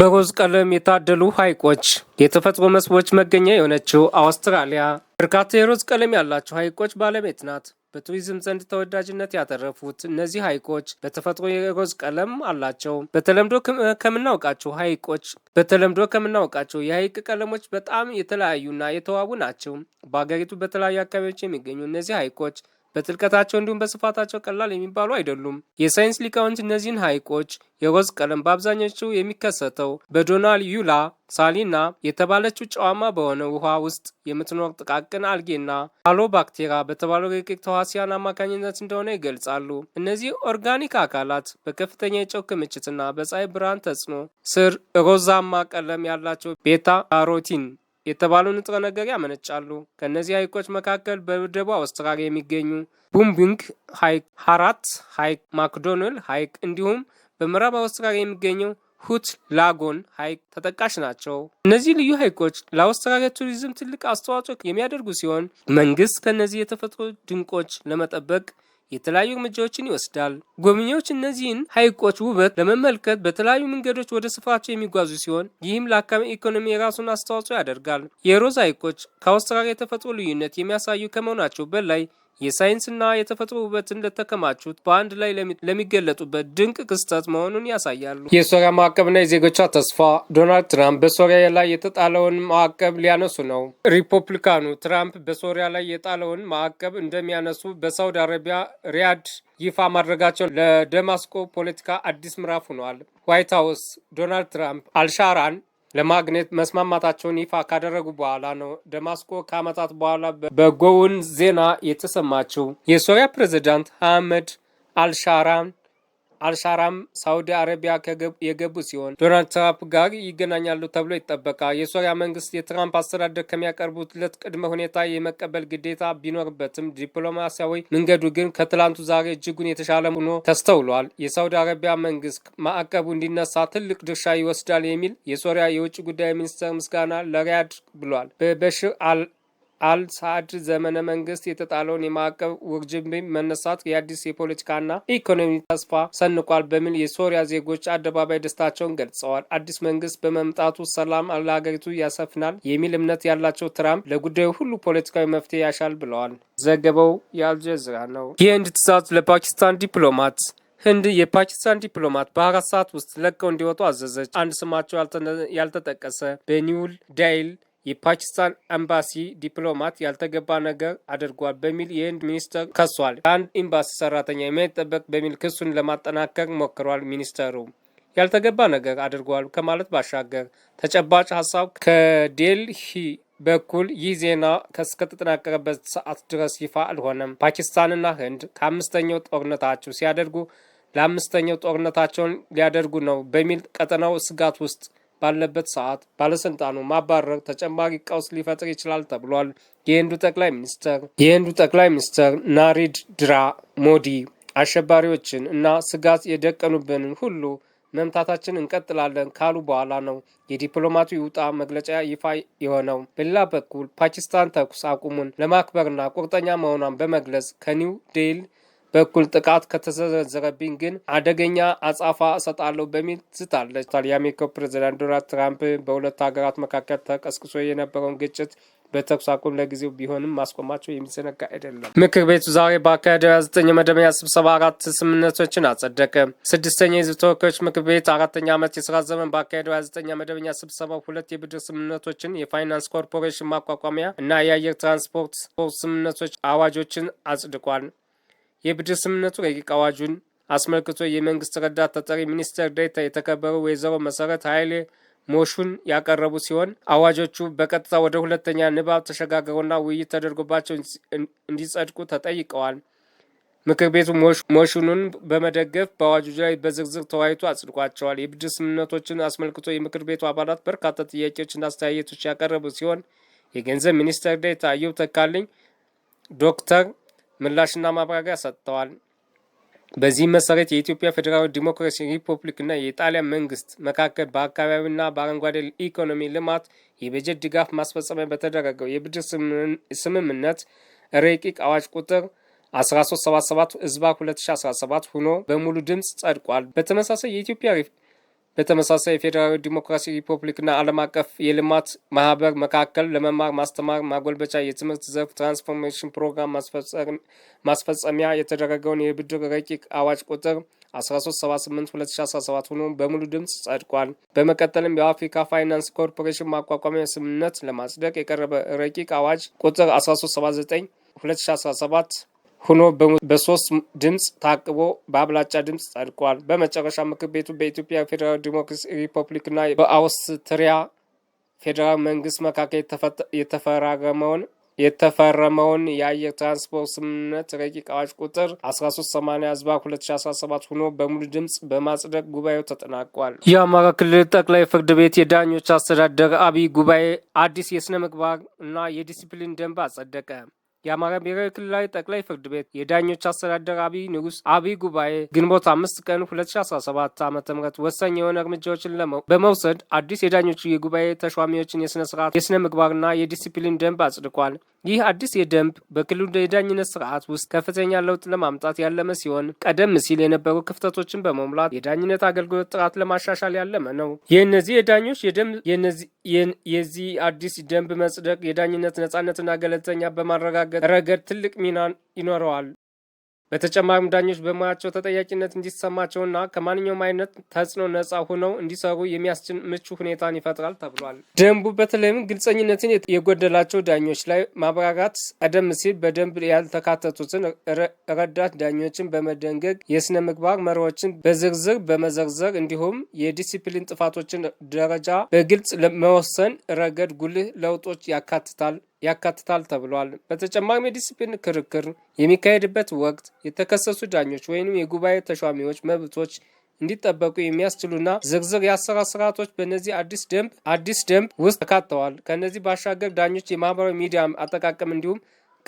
በሮዝ ቀለም የታደሉ ሐይቆች የተፈጥሮ መስህቦች መገኛ የሆነችው አውስትራሊያ በርካታ የሮዝ ቀለም ያላቸው ሐይቆች ባለቤት ናት። በቱሪዝም ዘንድ ተወዳጅነት ያተረፉት እነዚህ ሐይቆች በተፈጥሮ የሮዝ ቀለም አላቸው። በተለምዶ ከምናውቃቸው ሐይቆች በተለምዶ ከምናውቃቸው የሐይቅ ቀለሞች በጣም የተለያዩና የተዋቡ ናቸው። በሀገሪቱ በተለያዩ አካባቢዎች የሚገኙ እነዚህ ሐይቆች በጥልቀታቸው እንዲሁም በስፋታቸው ቀላል የሚባሉ አይደሉም። የሳይንስ ሊቃውንት እነዚህን ሐይቆች የሮዝ ቀለም በአብዛኞቹ የሚከሰተው በዶናል ዩላ ሳሊና የተባለችው ጨዋማ በሆነ ውሃ ውስጥ የምትኖር ጥቃቅን አልጌና አሎባክቴሪያ በተባለው ረቂቅ ተዋሲያን አማካኝነት እንደሆነ ይገልጻሉ። እነዚህ ኦርጋኒክ አካላት በከፍተኛ የጨው ክምችትና በፀሐይ ብርሃን ተጽዕኖ ስር ሮዛማ ቀለም ያላቸው ቤታ ካሮቲን የተባሉ ንጥረ ነገር ያመነጫሉ። ከእነዚህ ሐይቆች መካከል በደቡብ አውስትራሊያ የሚገኙ ቡምቢንግ ሐይቅ፣ ሀራት ሐይቅ፣ ማክዶናል ሐይቅ እንዲሁም በምዕራብ አውስትራሊያ የሚገኘው ሁት ላጎን ሐይቅ ተጠቃሽ ናቸው። እነዚህ ልዩ ሐይቆች ለአውስትራሊያ ቱሪዝም ትልቅ አስተዋጽኦ የሚያደርጉ ሲሆን መንግስት ከእነዚህ የተፈጥሮ ድንቆች ለመጠበቅ የተለያዩ እርምጃዎችን ይወስዳል። ጎብኚዎች እነዚህን ሐይቆች ውበት ለመመልከት በተለያዩ መንገዶች ወደ ስፍራቸው የሚጓዙ ሲሆን ይህም ለአካባቢ ኢኮኖሚ የራሱን አስተዋጽኦ ያደርጋል። የሮዝ ሐይቆች ከአውስትራሊያ የተፈጥሮ ልዩነት የሚያሳዩ ከመሆናቸው በላይ የሳይንስና የተፈጥሮ ውበት እንደተከማቹት በአንድ ላይ ለሚገለጡበት ድንቅ ክስተት መሆኑን ያሳያሉ። የሶሪያ ማዕቀብና የዜጎቿ ተስፋ ዶናልድ ትራምፕ በሶሪያ ላይ የተጣለውን ማዕቀብ ሊያነሱ ነው። ሪፐብሊካኑ ትራምፕ በሶሪያ ላይ የጣለውን ማዕቀብ እንደሚያነሱ በሳውዲ አረቢያ ሪያድ ይፋ ማድረጋቸው ለደማስቆ ፖለቲካ አዲስ ምዕራፍ ሆኗል። ዋይት ሀውስ ዶናልድ ትራምፕ አልሻራን ለማግኘት መስማማታቸውን ይፋ ካደረጉ በኋላ ነው ደማስቆ ከዓመታት በኋላ በጎውን ዜና የተሰማችው። የሶሪያ ፕሬዚዳንት አህመድ አልሻራን አልሻራም ሳውዲ አረቢያ የገቡ ሲሆን ዶናልድ ትራምፕ ጋር ይገናኛሉ ተብሎ ይጠበቃል። የሶሪያ መንግስት የትራምፕ አስተዳደር ከሚያቀርቡለት ቅድመ ሁኔታ የመቀበል ግዴታ ቢኖርበትም ዲፕሎማሲያዊ መንገዱ ግን ከትላንቱ ዛሬ እጅጉን የተሻለ ሆኖ ተስተውሏል። የሳውዲ አረቢያ መንግስት ማዕቀቡ እንዲነሳ ትልቅ ድርሻ ይወስዳል የሚል የሶሪያ የውጭ ጉዳይ ሚኒስትር ምስጋና ለሪያድ ብሏል። በበሽር አል አልሳዕድ ዘመነ መንግስት የተጣለውን የማዕቀብ ውርጅብኝ መነሳት የአዲስ የፖለቲካና ኢኮኖሚ ተስፋ ሰንቋል በሚል የሶሪያ ዜጎች አደባባይ ደስታቸውን ገልጸዋል። አዲስ መንግስት በመምጣቱ ሰላም ለሀገሪቱ ያሰፍናል የሚል እምነት ያላቸው ትራምፕ ለጉዳዩ ሁሉ ፖለቲካዊ መፍትሄ ያሻል ብለዋል። ዘገበው የአልጀዚራ ነው። የህንድ ትዕዛዝ ለፓኪስታን ዲፕሎማት ህንድ የፓኪስታን ዲፕሎማት በአራት ሰዓት ውስጥ ለቀው እንዲወጡ አዘዘች። አንድ ስማቸው ያልተጠቀሰ በኒውል ዳይል የፓኪስታን ኤምባሲ ዲፕሎማት ያልተገባ ነገር አድርጓል በሚል የህንድ ሚኒስተር ከሷል። ከአንድ ኤምባሲ ሰራተኛ የማይጠበቅ በሚል ክሱን ለማጠናከር ሞክሯል። ሚኒስተሩ ያልተገባ ነገር አድርጓል ከማለት ባሻገር ተጨባጭ ሀሳብ ከዴልሂ በኩል ይህ ዜና እስከተጠናቀረበት ሰዓት ድረስ ይፋ አልሆነም። ፓኪስታንና ህንድ ከአምስተኛው ጦርነታቸው ሲያደርጉ ለአምስተኛው ጦርነታቸውን ሊያደርጉ ነው በሚል ቀጠናው ስጋት ውስጥ ባለበት ሰዓት ባለስልጣኑ ማባረር ተጨማሪ ቀውስ ሊፈጥር ይችላል ተብሏል። የህንዱ ጠቅላይ ሚኒስትር የህንዱ ጠቅላይ ሚኒስትር ናሬንድራ ሞዲ አሸባሪዎችን እና ስጋት የደቀኑብንን ሁሉ መምታታችን እንቀጥላለን ካሉ በኋላ ነው የዲፕሎማቱ ይውጣ መግለጫ ይፋ የሆነው። በሌላ በኩል ፓኪስታን ተኩስ አቁሙን ለማክበርና ቁርጠኛ መሆኗን በመግለጽ ከኒው ዴል በኩል ጥቃት ከተሰነዘረብኝ ግን አደገኛ አጻፋ እሰጣለሁ በሚል ስታለች። የአሜሪካው ፕሬዚዳንት ዶናልድ ትራምፕ በሁለቱ ሀገራት መካከል ተቀስቅሶ የነበረውን ግጭት በተኩስ አቁም ለጊዜው ቢሆንም ማስቆማቸው የሚዘነጋ አይደለም። ምክር ቤቱ ዛሬ በአካሄደው 29 መደበኛ ስብሰባ አራት ስምምነቶችን አጸደቀ። ስድስተኛ የህዝብ ተወካዮች ምክር ቤት አራተኛ ዓመት የስራ ዘመን በአካሄደው 29 መደበኛ ስብሰባ ሁለት የብድር ስምምነቶችን፣ የፋይናንስ ኮርፖሬሽን ማቋቋሚያ እና የአየር ትራንስፖርት ስምምነቶች አዋጆችን አጽድቋል። የብድር ስምምነቱ ረቂቅ አዋጁን አስመልክቶ የመንግስት ረዳት ተጠሪ ሚኒስትር ዴኤታ የተከበሩ ወይዘሮ መሰረት ኃይሌ ሞሹን ያቀረቡ ሲሆን አዋጆቹ በቀጥታ ወደ ሁለተኛ ንባብ ተሸጋግረውና ውይይት ተደርጎባቸው እንዲጸድቁ ተጠይቀዋል። ምክር ቤቱ ሞሽኑን በመደገፍ በአዋጆች ላይ በዝርዝር ተወያይቶ አጽድቋቸዋል። የብድር ስምምነቶችን አስመልክቶ የምክር ቤቱ አባላት በርካታ ጥያቄዎችና አስተያየቶች ያቀረቡ ሲሆን የገንዘብ ሚኒስትር ዴኤታ አየሁ ተካልኝ ዶክተር ምላሽና ማብራሪያ ሰጥተዋል። በዚህ መሰረት የኢትዮጵያ ፌዴራዊ ዲሞክራሲ ሪፐብሊክና የጣሊያን መንግስት መካከል በአካባቢና በአረንጓዴ ኢኮኖሚ ልማት የበጀት ድጋፍ ማስፈጸሚያ በተደረገው የብድር ስምምነት ረቂቅ አዋጅ ቁጥር 1377 ህዝባ 2017 ሆኖ በሙሉ ድምፅ ጸድቋል። በተመሳሳይ የኢትዮጵያ በተመሳሳይ የፌዴራላዊ ዲሞክራሲ ሪፐብሊክና ዓለም አቀፍ የልማት ማህበር መካከል ለመማር ማስተማር ማጎልበቻ የትምህርት ዘርፍ ትራንስፎርሜሽን ፕሮግራም ማስፈጸሚያ የተደረገውን የብድር ረቂቅ አዋጅ ቁጥር 1378/2017 ሆኖ በሙሉ ድምፅ ጸድቋል። በመቀጠልም የአፍሪካ ፋይናንስ ኮርፖሬሽን ማቋቋሚያ ስምምነት ለማጽደቅ የቀረበ ረቂቅ አዋጅ ቁጥር 1379 2017 ሆኖ በሶስት ድምፅ ታቅቦ በአብላጫ ድምፅ ጸድቋል። በመጨረሻ ምክር ቤቱ በኢትዮጵያ ፌዴራል ዲሞክራሲ ሪፐብሊክና በአውስትሪያ ፌዴራል መንግስት መካከል የተፈራረመውን የተፈረመውን የአየር ትራንስፖርት ስምምነት ረቂቅ አዋጅ ቁጥር 1380 ህዝባ 2017 ሆኖ በሙሉ ድምፅ በማጽደቅ ጉባኤው ተጠናቋል። የአማራ ክልል ጠቅላይ ፍርድ ቤት የዳኞች አስተዳደር አብይ ጉባኤ አዲስ የስነ ምግባር እና የዲሲፕሊን ደንብ አጸደቀ። የአማራ ብሔራዊ ክልላዊ ጠቅላይ ፍርድ ቤት የዳኞች አስተዳደር አብይ ንጉስ አብይ ጉባኤ ግንቦት አምስት ቀን 2017 ዓ ም ወሳኝ የሆነ እርምጃዎችን በመውሰድ አዲስ የዳኞች የጉባኤ ተሿሚዎችን የስነ ስርዓት የስነ ምግባርና የዲሲፕሊን ደንብ አጽድቋል። ይህ አዲስ የደንብ በክልሉ የዳኝነት ስርዓት ውስጥ ከፍተኛ ለውጥ ለማምጣት ያለመ ሲሆን ቀደም ሲል የነበሩ ክፍተቶችን በመሙላት የዳኝነት አገልግሎት ጥራት ለማሻሻል ያለመ ነው። የእነዚህ የዳኞች የዚህ አዲስ ደንብ መጽደቅ የዳኝነት ነጻነትና ገለልተኛ በማረጋገጥ ረገድ ትልቅ ሚና ይኖረዋል። በተጨማሪም ዳኞች በሙያቸው ተጠያቂነት እንዲሰማቸውና ከማንኛውም አይነት ተጽዕኖ ነጻ ሆነው እንዲሰሩ የሚያስችል ምቹ ሁኔታን ይፈጥራል ተብሏል። ደንቡ በተለይም ግልጸኝነትን የጎደላቸው ዳኞች ላይ ማብራራት፣ ቀደም ሲል በደንብ ያልተካተቱትን ረዳት ዳኞችን በመደንገግ የስነ ምግባር መሪዎችን በዝርዝር በመዘርዘር እንዲሁም የዲሲፕሊን ጥፋቶችን ደረጃ በግልጽ መወሰን ረገድ ጉልህ ለውጦች ያካትታል ያካትታል ተብሏል። በተጨማሪም የዲሲፕሊን ክርክር የሚካሄድበት ወቅት የተከሰሱ ዳኞች ወይም የጉባኤ ተሿሚዎች መብቶች እንዲጠበቁ የሚያስችሉና ዝርዝር የአሰራር ስርዓቶች በእነዚህ አዲስ ደንብ አዲስ ደንብ ውስጥ ተካተዋል። ከእነዚህ ባሻገር ዳኞች የማህበራዊ ሚዲያ አጠቃቀም እንዲሁም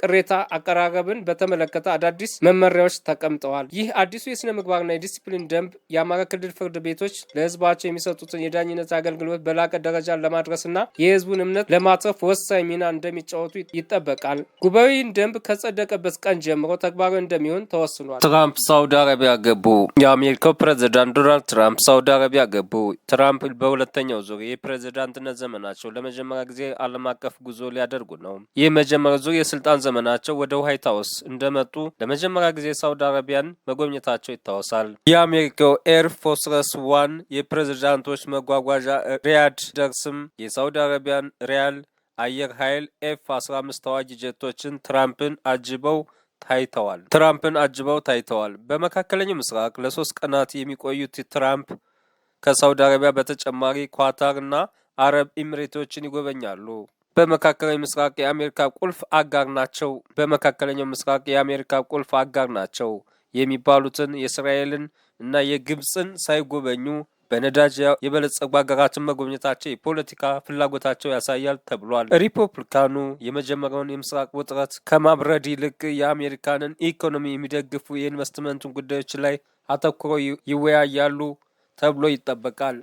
ቅሬታ አቀራረብን በተመለከተ አዳዲስ መመሪያዎች ተቀምጠዋል። ይህ አዲሱ የስነ ምግባርና የዲሲፕሊን ደንብ የአማራ ክልል ፍርድ ቤቶች ለህዝባቸው የሚሰጡትን የዳኝነት አገልግሎት በላቀ ደረጃ ለማድረስና የህዝቡን እምነት ለማትረፍ ወሳኝ ሚና እንደሚጫወቱ ይጠበቃል። ጉባኤውን ደንብ ከጸደቀበት ቀን ጀምሮ ተግባራዊ እንደሚሆን ተወስኗል። ትራምፕ ሳውዲ አረቢያ ገቡ። የአሜሪካው ፕሬዚዳንት ዶናልድ ትራምፕ ሳውዲ አረቢያ ገቡ። ትራምፕ በሁለተኛው ዙር የፕሬዚዳንትነት ዘመናቸው ለመጀመሪያ ጊዜ ዓለም አቀፍ ጉዞ ሊያደርጉ ነው። ይህ መጀመሪያ ዙር የስልጣን ዘመናቸው ወደ ዋይት ሀውስ እንደመጡ ለመጀመሪያ ጊዜ ሳውዲ አረቢያን መጎብኘታቸው ይታወሳል። የአሜሪካው ኤር ፎርስ ዋን የፕሬዝዳንቶች መጓጓዣ ሪያድ ደርስም የሳውዲ አረቢያን ሪያል አየር ኃይል ኤፍ 15 ተዋጊ ጀቶችን ትራምፕን አጅበው ታይተዋል ትራምፕን አጅበው ታይተዋል። በመካከለኛው ምስራቅ ለሶስት ቀናት የሚቆዩት ትራምፕ ከሳውዲ አረቢያ በተጨማሪ ኳታርና አረብ ኢምሬቶችን ይጎበኛሉ። በመካከለኛው ምስራቅ የአሜሪካ ቁልፍ አጋር ናቸው በመካከለኛው ምስራቅ የአሜሪካ ቁልፍ አጋር ናቸው የሚባሉትን የእስራኤልን እና የግብፅን ሳይጎበኙ በነዳጅ የበለጸጉ ሀገራትን መጎብኘታቸው የፖለቲካ ፍላጎታቸው ያሳያል ተብሏል። ሪፐብሊካኑ የመጀመሪያውን የምስራቅ ውጥረት ከማብረድ ይልቅ የአሜሪካንን ኢኮኖሚ የሚደግፉ የኢንቨስትመንቱን ጉዳዮች ላይ አተኩረው ይወያያሉ ተብሎ ይጠበቃል።